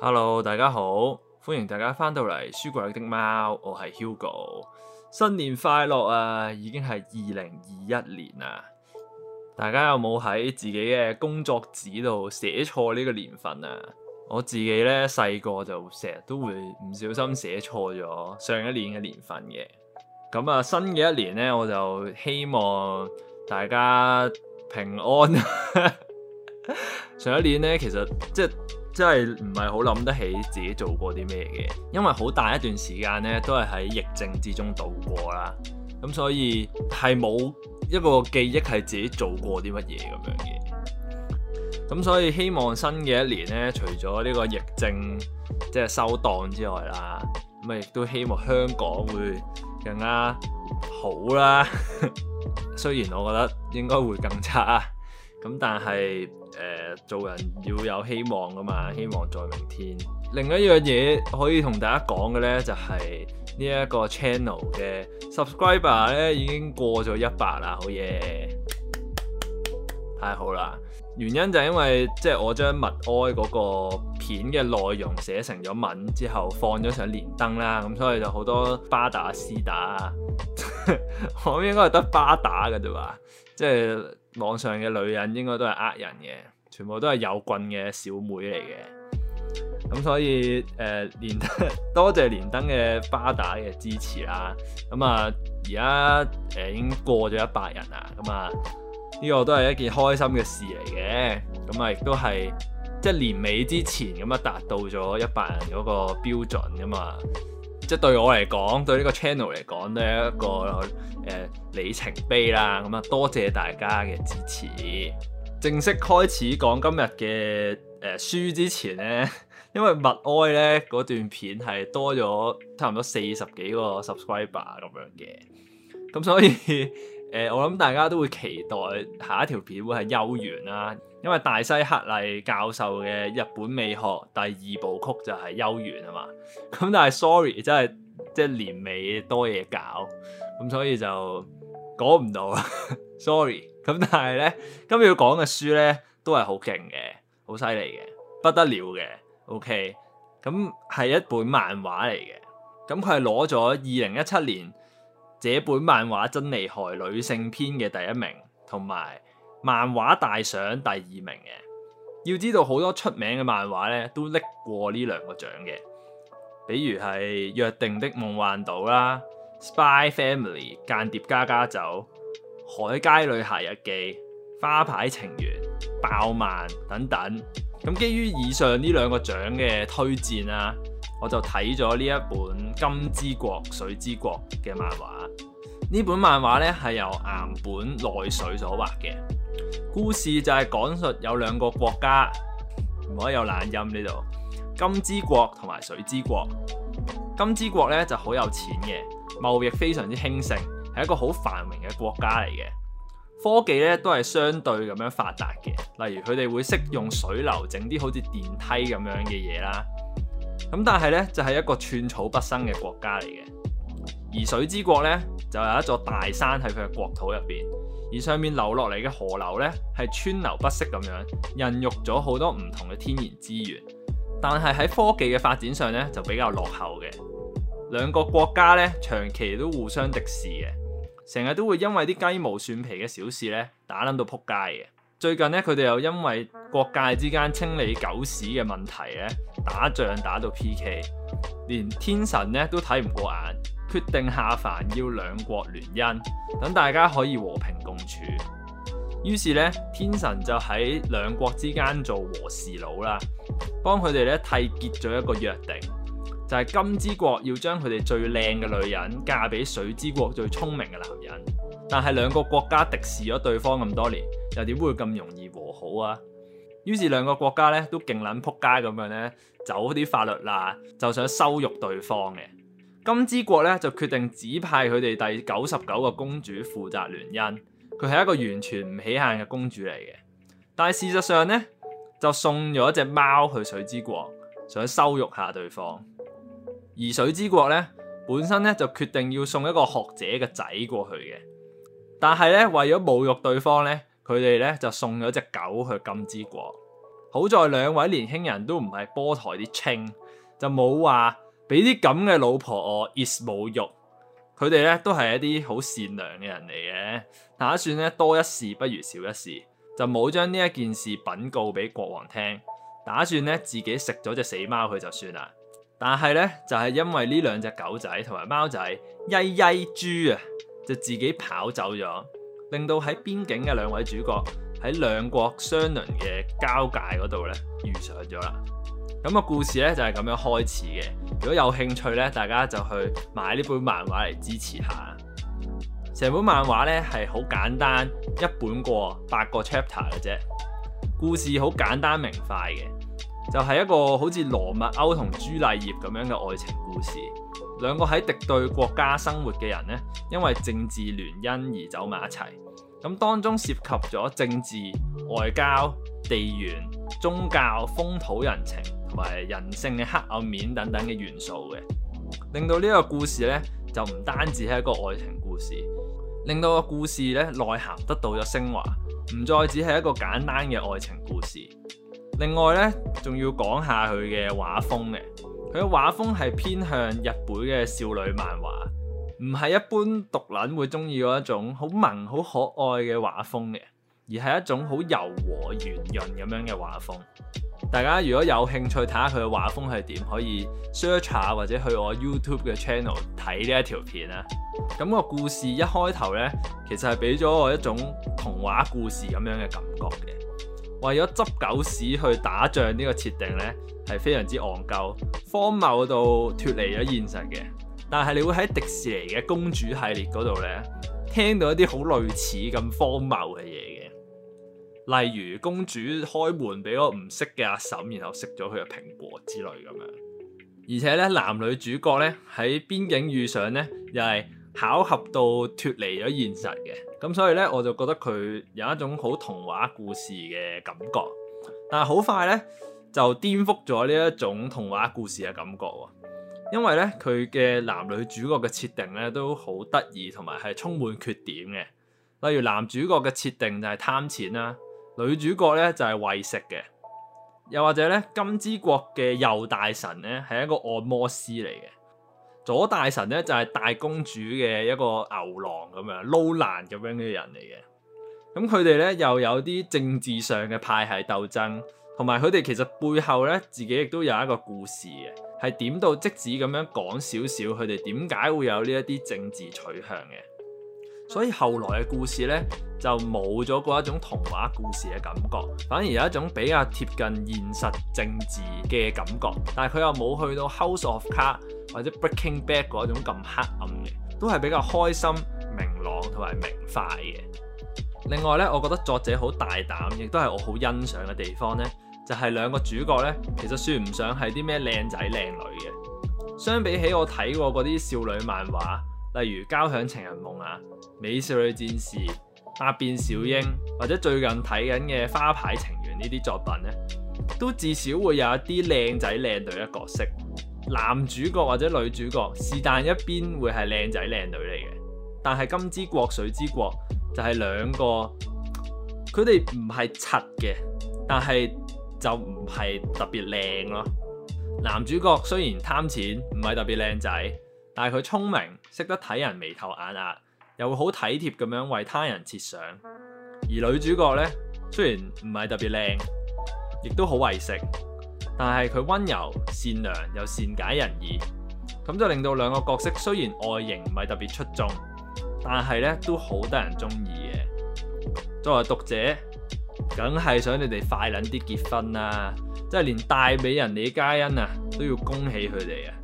Hello，大家好，歡迎大家翻到嚟書櫃的貓，我係 Hugo，新年快樂啊！已經係二零二一年啦，大家有冇喺自己嘅工作紙度寫錯呢個年份啊？我自己咧細個就成日都會唔小心寫錯咗上一年嘅年份嘅，咁啊新嘅一年咧，我就希望大家平安。 上一年咧，其實即係。即係唔係好諗得起自己做過啲咩嘅，因為好大一段時間呢都係喺疫症之中度過啦，咁所以係冇一個記憶係自己做過啲乜嘢咁樣嘅。咁所以希望新嘅一年呢，除咗呢個疫症即係收檔之外啦，咁亦都希望香港會更加好啦、啊。 雖然我覺得應該會更差，咁但係誒。呃做人要有希望噶嘛，希望在明天。另一樣嘢可以同大家講嘅呢，就係、是、呢一個 channel 嘅 subscriber 咧已經過咗一百啦，好嘢！太好啦！原因就係因為即係、就是、我將默哀嗰個片嘅內容寫成咗文之後放，放咗上連登啦，咁所以就好多巴打私打 我應該係得巴打嘅啫嘛，即、就、係、是、網上嘅女人應該都係呃人嘅。全部都係有棍嘅小妹嚟嘅，咁所以誒、呃、連多謝連登嘅巴打嘅支持啦，咁啊而家誒已經過咗一百人啦，咁啊呢個都係一件開心嘅事嚟嘅，咁啊亦都係即係年尾之前咁啊達到咗一百人嗰個標準㗎嘛、啊，即係對我嚟講，對呢個 channel 嚟講都係一個誒、呃、里程碑啦，咁啊多謝大家嘅支持。正式開始講今日嘅誒書之前咧，因為物哀咧段片係多咗差唔多四十幾個 subscriber 咁樣嘅，咁所以誒、呃、我諗大家都會期待下一條片會係幽玄啦，因為大西克麗教授嘅日本美學第二部曲就係幽玄啊嘛，咁但係 sorry 真係即係年尾多嘢搞，咁所以就講唔到啊。 Sorry 咁，但係咧，今日要講嘅書咧都係好勁嘅，好犀利嘅，不得了嘅。OK，咁係一本漫畫嚟嘅，咁佢係攞咗二零一七年《這本漫畫真厲害》女性篇嘅第一名，同埋《漫畫大賞》第二名嘅。要知道好多出名嘅漫畫咧都拎過呢兩個獎嘅，比如係《約定的夢幻島》啦，《Spy Family 間諜家家酒》。《海街女孩日記》、《花牌情緣》、《爆漫》等等，咁基於以上呢兩個獎嘅推薦啦，我就睇咗呢一本《金之國水之國》嘅漫畫。呢本漫畫呢係由岩本奈水所畫嘅，故事就係講述有兩個國家，唔可以有懶音呢度，金之國同埋水之國。金之國呢就好有錢嘅，貿易非常之興盛。係一個好繁榮嘅國家嚟嘅，科技咧都係相對咁樣發達嘅。例如佢哋會識用水流整啲好似電梯咁樣嘅嘢啦。咁但係呢，就係一個寸草不生嘅國家嚟嘅。而水之國呢，就有一座大山喺佢嘅國土入邊，而上面流落嚟嘅河流呢，係川流不息咁樣，孕育咗好多唔同嘅天然資源。但係喺科技嘅發展上呢，就比較落後嘅。兩個國家呢，長期都互相敵視嘅。成日都會因為啲雞毛蒜皮嘅小事咧打撚到撲街嘅。最近咧佢哋又因為國界之間清理狗屎嘅問題咧打仗打到 P.K.，連天神咧都睇唔過眼，決定下凡要兩國聯姻，等大家可以和平共處。於是咧天神就喺兩國之間做和事佬啦，幫佢哋咧締結咗一個約定。就係金之國要將佢哋最靚嘅女人嫁俾水之國最聰明嘅男人，但係兩個國家敵視咗對方咁多年，又點會咁容易和好啊？於是兩個國家咧都勁撚撲街咁樣咧，走啲法律啦，就想羞辱對方嘅金之國咧就決定指派佢哋第九十九個公主負責聯姻，佢係一個完全唔起眼嘅公主嚟嘅，但係事實上咧就送咗一隻貓去水之國，想羞辱下對方。而水之國咧，本身咧就決定要送一個學者嘅仔過去嘅，但係咧為咗侮辱對方咧，佢哋咧就送咗隻狗去金之國。好在兩位年輕人都唔係波台啲青，就冇話俾啲咁嘅老婆我 is 侮辱。佢哋咧都係一啲好善良嘅人嚟嘅，打算咧多一事不如少一事，就冇將呢一件事禀告俾國王聽，打算咧自己食咗隻死貓，佢就算啦。但係呢，就係因為呢兩隻狗仔同埋貓仔，曳曳豬啊，就自己跑走咗，令到喺邊境嘅兩位主角喺兩國相鄰嘅交界嗰度呢遇上咗啦。咁個故事呢，就係咁樣開始嘅。如果有興趣呢，大家就去買呢本漫畫嚟支持下。成本漫畫呢，係好簡單，一本過八個 chapter 嘅啫，故事好簡單明快嘅。就係一個好似羅密歐同朱麗葉咁樣嘅愛情故事，兩個喺敵對國家生活嘅人呢，因為政治聯姻而走埋一齊。咁當中涉及咗政治、外交、地緣、宗教、風土人情同埋人性嘅黑暗面等等嘅元素嘅，令到呢個故事呢，就唔單止係一個愛情故事，令到個故事呢，內涵得到咗升華，唔再只係一個簡單嘅愛情故事。另外咧，仲要講下佢嘅畫風嘅，佢嘅畫風係偏向日本嘅少女漫畫，唔係一般毒撚會中意嗰一種好萌、好可愛嘅畫風嘅，而係一種好柔和、圓潤咁樣嘅畫風。大家如果有興趣睇下佢嘅畫風係點，可以 search 下或者去我 YouTube 嘅 channel 睇呢一條片啦。咁個故事一開頭咧，其實係俾咗我一種童話故事咁樣嘅感覺嘅。為咗執狗屎去打仗呢個設定呢，係非常之憨鳩荒謬到脫離咗現實嘅。但係你會喺迪士尼嘅公主系列嗰度呢，聽到一啲好類似咁荒謬嘅嘢嘅，例如公主開門俾個唔識嘅阿嬸，然後食咗佢嘅蘋果之類咁樣。而且呢，男女主角呢喺邊境遇上呢，又係。巧合到脱離咗現實嘅，咁所以咧我就覺得佢有一種好童話故事嘅感覺，但係好快咧就顛覆咗呢一種童話故事嘅感覺喎，因為咧佢嘅男女主角嘅設定咧都好得意同埋係充滿缺點嘅，例如男主角嘅設定就係貪錢啦，女主角咧就係為食嘅，又或者咧金之國嘅右大神咧係一個按摩師嚟嘅。左大臣咧就係大公主嘅一個牛郎咁樣撈難咁樣嘅人嚟嘅，咁佢哋咧又有啲政治上嘅派系鬥爭，同埋佢哋其實背後咧自己亦都有一個故事嘅，係點到即止咁樣講少少，佢哋點解會有呢一啲政治取向嘅？所以後來嘅故事呢，就冇咗嗰一種童話故事嘅感覺，反而有一種比較貼近現實政治嘅感覺。但係佢又冇去到 House of Cards 或者 Breaking Bad 嗰一種咁黑暗嘅，都係比較開心、明朗同埋明快嘅。另外呢，我覺得作者好大膽，亦都係我好欣賞嘅地方呢，就係兩個主角呢，其實算唔上係啲咩靚仔靚女嘅。相比起我睇過嗰啲少女漫畫。例如《交響情人夢》啊，《美少女戰士》、《百變小櫻》或者最近睇緊嘅《花牌情緣》呢啲作品呢都至少會有一啲靚仔靚女嘅角色，男主角或者女主角是但一邊會係靚仔靚女嚟嘅。但係《金之國水之國》就係兩個，佢哋唔係柒嘅，但係就唔係特別靚咯。男主角雖然貪錢，唔係特別靚仔。但係佢聰明，識得睇人眉頭眼額，又會好體貼咁樣為他人設想。而女主角呢，雖然唔係特別靚，亦都好為食，但係佢溫柔善良又善解人意，咁就令到兩個角色雖然外形唔係特別出眾，但係呢都好得人中意嘅。作為讀者，梗係想你哋快捻啲結婚啦！即係連大美人李嘉欣啊，都要恭喜佢哋啊！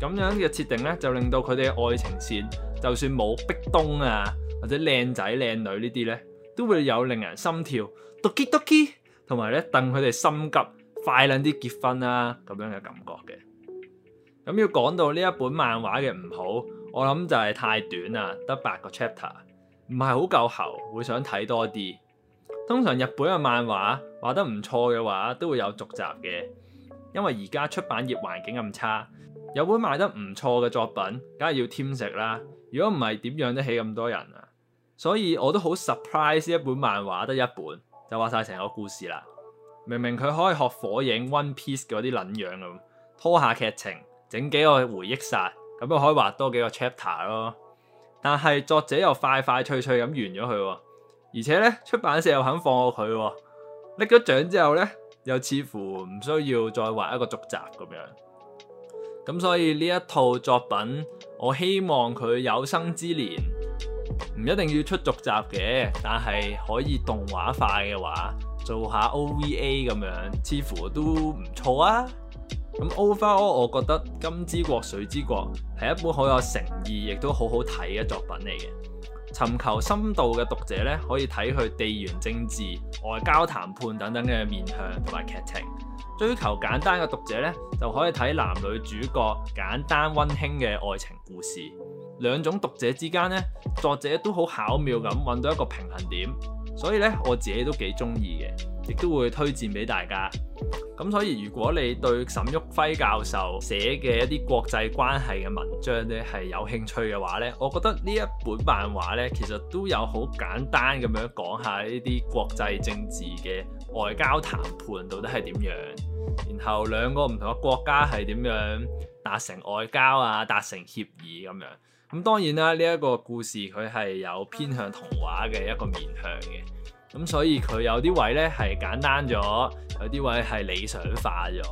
咁樣嘅設定咧，就令到佢哋嘅愛情線，就算冇壁咚啊，或者靚仔靚女呢啲咧，都會有令人心跳、Doki Doki，同埋咧等佢哋心急，快兩啲結婚啦、啊、咁樣嘅感覺嘅。咁要講到呢一本漫畫嘅唔好，我諗就係太短啦，得八個 chapter，唔係好夠喉，會想睇多啲。通常日本嘅漫畫畫得唔錯嘅話，都會有續集嘅，因為而家出版業環境咁差。有本賣得唔錯嘅作品，梗係要添食啦。如果唔係，點養得起咁多人啊？所以我都好 surprise，一本漫畫得一本就畫晒成個故事啦。明明佢可以學《火影》One Piece 嗰啲捻樣咁拖下劇情，整幾個回憶殺，咁樣就可以畫多幾個 chapter 咯。但係作者又快快脆脆咁完咗佢，而且咧，出版社又肯放過佢，拎咗獎之後咧，又似乎唔需要再畫一個續集咁樣。咁所以呢一套作品，我希望佢有生之年唔一定要出續集嘅，但係可以動畫化嘅話，做下 OVA 咁樣，似乎都唔錯啊！咁 overall，我覺得《金之國水之國》係一本好有誠意，亦都好好睇嘅作品嚟嘅。尋求深度嘅讀者咧，可以睇佢地緣政治、外交談判等等嘅面向同埋劇情。追求簡單嘅讀者咧，就可以睇男女主角簡單溫馨嘅愛情故事。兩種讀者之間呢，作者都好巧妙咁揾到一個平衡點。所以咧，我自己都幾鍾意嘅，亦都會推薦俾大家。咁所以，如果你對沈旭輝教授寫嘅一啲國際關係嘅文章咧，係有興趣嘅話咧，我覺得呢一本漫畫咧，其實都有好簡單咁樣講下呢啲國際政治嘅外交談判到底係點樣，然後兩個唔同嘅國家係點樣達成外交啊、達成協議咁樣。咁當然啦，呢一個故事佢係有偏向童話嘅一個面向嘅，咁所以佢有啲位咧係簡單咗，有啲位係理想化咗，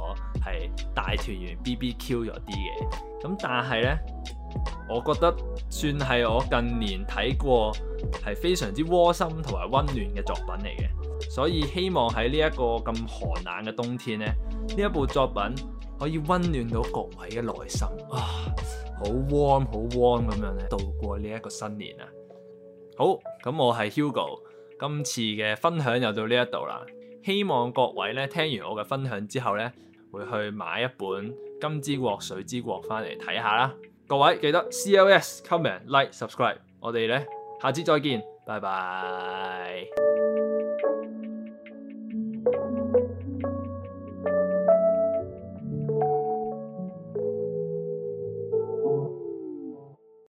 係大團圓 B B Q 咗啲嘅。咁但係呢，我覺得算係我近年睇過係非常之窩心同埋溫暖嘅作品嚟嘅，所以希望喺呢一個咁寒冷嘅冬天呢，呢一部作品，可以溫暖到各位嘅內心，哇，好 warm，好 warm 咁樣咧，度過呢一個新年啊！好，咁我係 Hugo，今次嘅分享就到呢一度啦。希望各位咧聽完我嘅分享之後咧，會去買一本《金之國水之國》翻嚟睇下啦。各位記得 C L S comment like subscribe，我哋咧下次再見，拜拜。